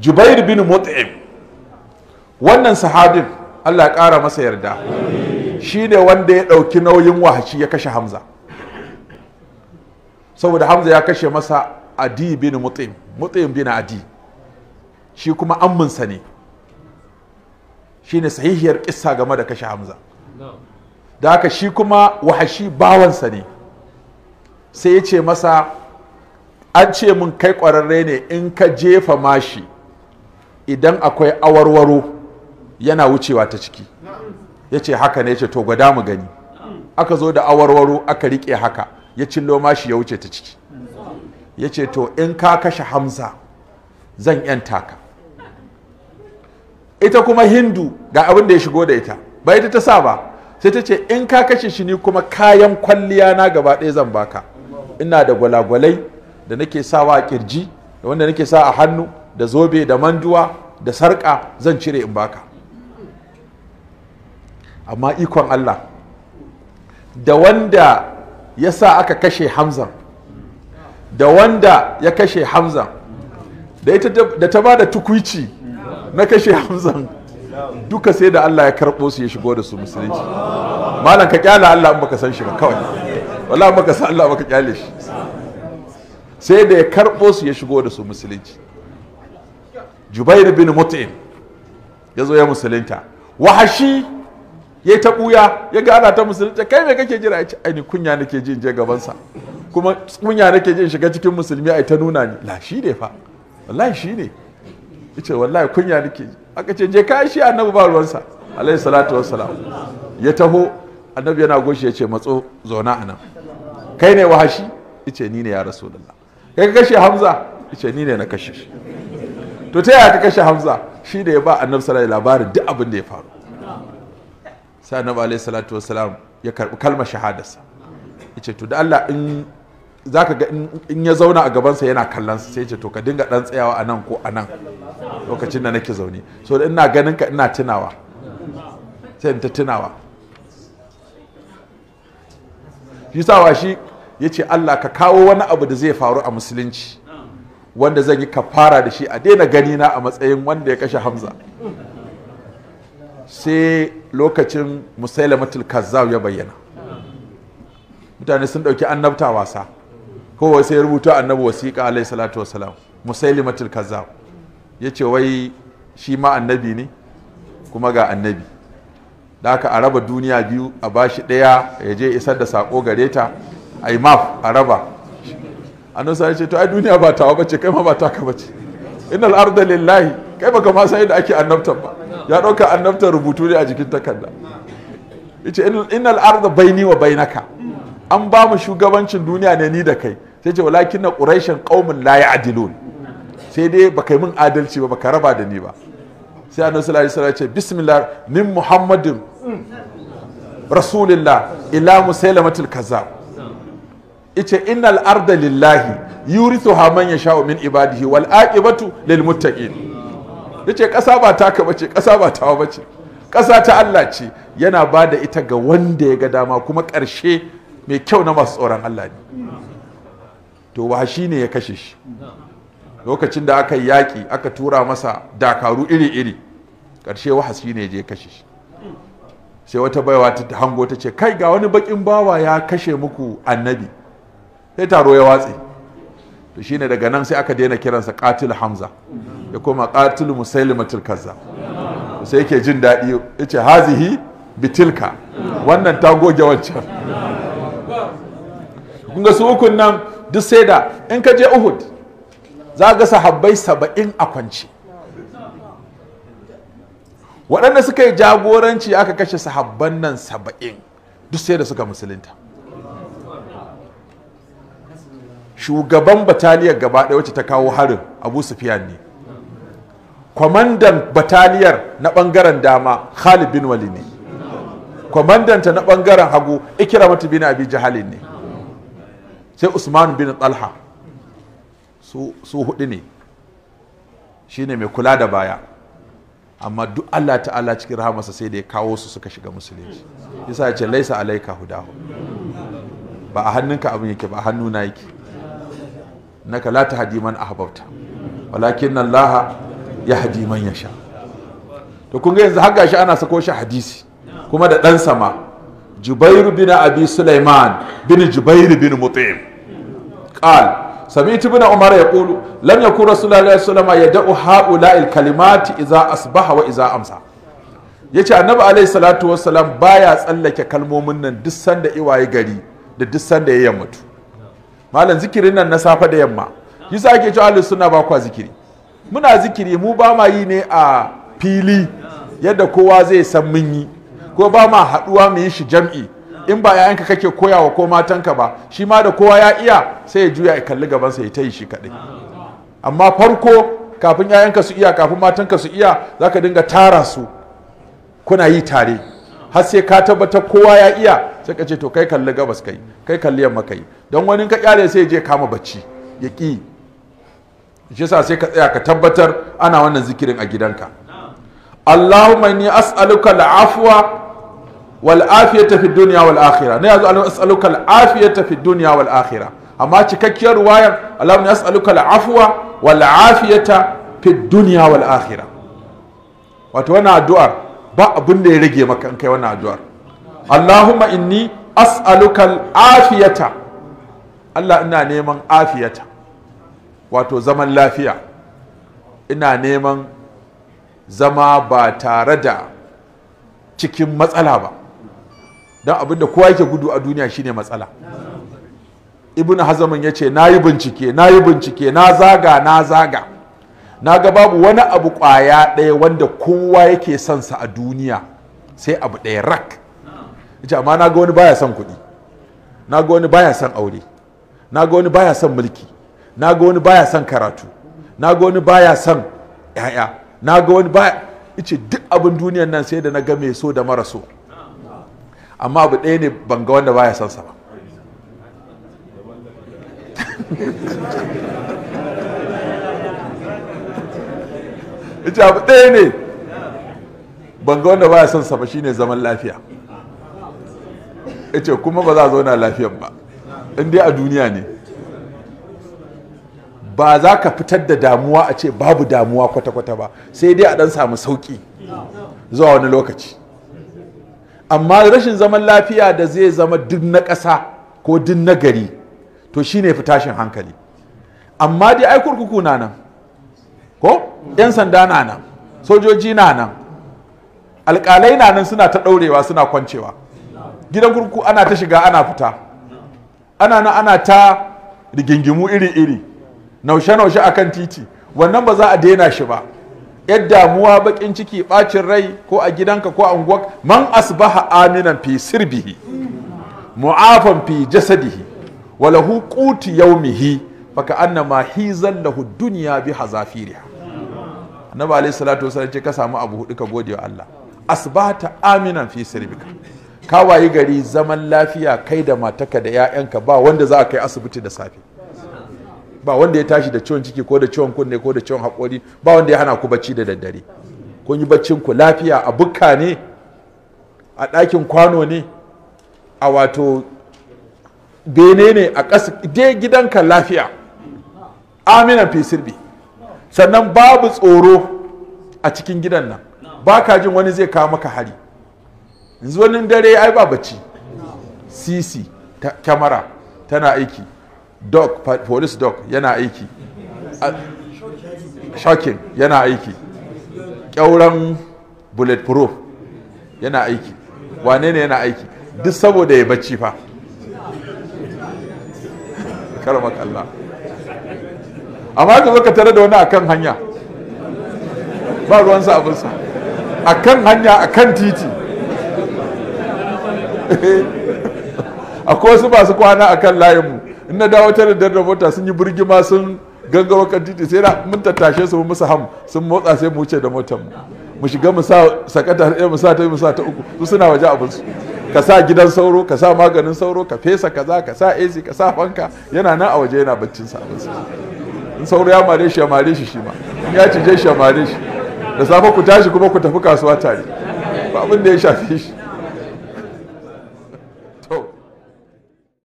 jubair bin mut'im wannan sahabin Allah ya ƙara masa yarda shi ne wanda ya ɗauki nauyin wahashi ya kashe hamza saboda hamza ya kashe masa adi bin mut'im mut'im bin adi shi kuma amminsa ne shi ne sahihiyar kisa game da kashe hamza da haka shi kuma wahashi bawansa ne sai ya ce masa an ce mun kai ƙwararre ne in ka jefa mashi idan akwai awarwaro yana wucewa ta ciki ya ce haka ne ya ce to gwada mu gani aka zo da awarwaro aka riƙe haka ya cillo mashi ya wuce ta ciki ya ce to in ka kashe hamza zan yanta ka ita kuma hindu ga abin da ya shigo da ita ba ita ta sa ba sai ta ce in ka kashe shi ni kuma kayan kwalliya na gaba ɗaya zan baka ina da gwalagwalai da nake sawa a kirji da wanda nake sa a hannu da zobe da manduwa da sarƙa zan cire in baka amma ikon Allah da wanda ya sa aka kashe hamzan da wanda ya kashe hamzan da ta ba da tukwici na kashe hamzan duka sai da Allah ya karɓo su ya shigo da su musulunci malam ka kyala Allah in baka san shi ba kawai wala baka san Allah baka kyale shi sai da ya karɓo su ya shigo da su musulunci Jubairu bin mut'im ya zo ya musulunta wahashi ya ta buya ya ga ana ta musulunta kai me kake jira ya ce ai kunya nake jin je gabansa kuma kunya nake jin shiga cikin musulmi ai ta nuna ni la shi ne fa wallahi shi ne yace wallahi kunya nake ke. aka ce je ka shi annabi ba ruwansa alaihi salatu wassalam ya taho annabi yana goshi ya ce matso zauna anan kai ne wahashi yace ni ne ya rasulullah kai ka kashe hamza yace ni ne na kashe shi to ta yaya ta kashe hamza shi da ya ba annabi sallallahu labarin duk abin da ya faru sai annabi alaihi salatu salam ya karbi kalmar shahadarsa yace to da Allah in zaka ga in ya zauna a gabansa yana kallon sa sai yace to ka dinga dan tsayawa a nan ko a nan lokacin da nake zaune so da ina ganin ka ina tunawa sai in ta tunawa shi sawa shi yace Allah ka kawo wani abu da zai faru a musulunci wanda zan yi kafara da shi a daina gani na a matsayin wanda ya kashe hamza sai lokacin Musaila kazzab ya bayyana mutane sun ɗauki annabta wasa kowai sai rubuta annabi wasiƙa alayhi salatu wasalam musailimatul kazzab ya ce wai shi ma annabi ne kuma ga annabi da aka a raba duniya biyu a bashi ɗaya ya je isar da sako gare ta a maf a raba annabi sai ce to ai duniya ba tawa bace kai ma ba taka bace innal arda lillahi kai baka ma san yadda ake annabtan ba ya dauka annabtan rubutu ne a jikin takarda yace innal arda baini wa bainaka an ba mu shugabancin duniya ne ni da kai sai ce walakin na quraishin qaumun la ya'dilun sai dai baka yi min adalci ba baka raba da ni ba sai annabi sallallahu alaihi wasallam ce bismillah min muhammadin rasulillah ila musailamatul kazzab ice innal arda lillahi yurithuha man yasha'u min ibadihi wal aqibatu lil muttaqin yace kasa ba taka bace kasa ba tawa bace kasa ta Allah ce yana ba da ita ga wanda ya ga dama kuma ƙarshe mai kyau na masu tsoron Allah ne to ba shi ne ya kashe shi lokacin da aka yaƙi aka tura masa dakaru iri-iri ƙarshe shi ne je kashe shi sai wata baiwa ta hango ta ce kai ga wani baƙin bawa ya kashe muku annabi sai taro ya watse to shine daga nan sai aka daina kiransa qatil hamza ya koma qatil musailimatul kaza. sai yake jin daɗi yace hazihi bitilka wannan ta goge wancan kun ga su ukun nan duk sai da in ka je uhud za ga sahabbai saba'in a kwance waɗanda suka yi jagoranci aka kashe sahabban nan saba'in duk sai da suka musulunta shugaban bataliyar gaba ɗaya wacce ta kawo harin abu sufiyan ne kwamandan bataliyar na ɓangaren dama khalid bin wali ne kwamandanta na ɓangaren hagu mata bin abi jahalin ne sai usman bin talha su, su hudu ne shine mai kula da baya amma duk Allah ta'ala cikin rahamarsa sai da ya kawo su suka shiga musulunci yasa ya ce laisa alaika hudahu ba a hannunka abin yake ba a hannuna yake innaka la tahdi man ahbabta walakin Allah yahdi man yasha to kun ga yanzu har gashi ana sako shi hadisi kuma da dan sama Jubairu bin Abi Sulaiman bin Jubairu bin Mut'im qal سمعت ابن عمر يقول لم يكن رسول الله صلى الله عليه وسلم يدع هؤلاء الكلمات اذا اصبح واذا امسى yace annabi alaihi salatu wassalam baya tsallake kalmomin nan duk sanda iwaye gari da duk sanda ya mutu malam zikirin nan na safe da yamma yasa ake cewa ahlus sunna ba kwa zikiri muna zikiri mu ba ma yi ne a fili yadda kowa zai san mun yi ko ba ma haduwa mu yi shi jam'i in ba yayanka kake koyawa ko matanka ba shi ma da kowa ya iya sai ya juya ya kalli gaban sa ya ta yi shi kadai amma farko kafin yayanka su iya kafin matanka su iya zaka dinga tara su kuna yi tare har sai ka tabbata kowa ya iya sai ka ce to kai kalli gabas kai kai kalli yamma kai don wani ka kyale sai je kama bacci ya ki shi sa sai ka tsaya ka tabbatar ana wannan zikirin a gidanka Allahumma inni as'aluka al'afwa wal afiyata fid dunya wal akhirah ne yazo as'aluka al afiyata fid dunya wal akhirah amma cikakkiyar ruwayar Allahumma as'aluka al'afwa wal afiyata fid dunya wal akhirah wato wannan addu'ar ba abin da ya rage maka kai wannan addu'ar Allahumma inni as'alukal afiyata Allah ina neman afiyata wato zaman lafiya ina neman zama ba tare da cikin matsala ba don abinda kowa yake gudu a duniya shine matsala ibn hazamin ya ce na yi bincike na yi bincike na zaga na zaga na ga babu wani abu kwaya ɗaya wanda kowa yake son sa a duniya sai abu ɗaya rak yace amma na ga wani baya son kuɗi na ga wani baya son aure na ga wani baya son mulki na ga wani baya son karatu na ga wani baya son ya'ya na ga wani baya yace duk abin duniyan nan sai da na ga mai so da mara so amma abu ɗaya ne ban ga wanda baya son sa ba yace abu ɗaya ne ban ga wanda baya son sa ba shine zaman lafiya ya ce kuma ba za a zauna lafiyan ba in dai a duniya ne ba za ka fitar da damuwa a ce babu damuwa kwata-kwata ba sai dai a dan samu sauki zuwa wani lokaci amma rashin zaman lafiya da zai zama duk na ƙasa ko duk na gari to shine fi tashin hankali amma dai ai kurkuku na nan ko 'yan sanda na nan sojoji na nan alƙalai na nan suna ta ɗaurewa suna kwancewa gidan kurku ana ta shiga ana fita ana na ana ta rigingimu iri-iri naushe-naushe a kan titi wannan ba za a daina shi ba yadda damuwa bakin ciki bacin rai ko a gidanka ko a unguwa man asbaha aminan fi sirbihi mu'afan fi jasadihi walahu quti yawmihi faka annama hizan lahu dunya bi hazafiriha annabi alayhi salatu wasallam ce ka samu abu hudu ka gode wa Allah asbata aminan fi sirbika ka gari zaman lafiya kai da mataka da 'ya'yanka ba wanda za a kai asibiti da safe ba wanda ya tashi da ciwon ciki ko da ciwon kunne ko da ciwon haƙori ba wanda ya hana ku bacci da daddare kun yi baccin ku lafiya a bukka ne a ɗakin kwano ne a wato bene ne a ƙasa dai gidanka lafiya aminan fi sirbi sannan babu tsoro a cikin gidan nan ba ka jin wani zai kawo maka hari yanzu wani dare ai ba bacci cc kyamara tana aiki dog police dog yana aiki shocking yana aiki kyauran bulletproof yana aiki wane ne yana aiki duk saboda ya bacci fa karmak Allah amma ka ka tare da wani akan hanya ba ruwansa abinsa akan hanya akan titi akwai wasu masu kwana a kan layinmu in na dawo tare da mota sun yi birgima sun gangawa kan titi sai na mun tattashe su musu ham sun motsa sai mu wuce da motar mu mu shiga mu sa sakata ɗaya mu sa ta mu sa ta uku su suna waje abin su ka sa gidan sauro ka sa maganin sauro ka fesa kaza ka sa AC ka sa fanka yana nan a waje yana baccin sa abin in sauro ya mare shi ya mare shi shi ma in ya cije shi ya mare shi da safe ku tashi kuma ku tafi kasuwa tare ba abin da ya shafe shi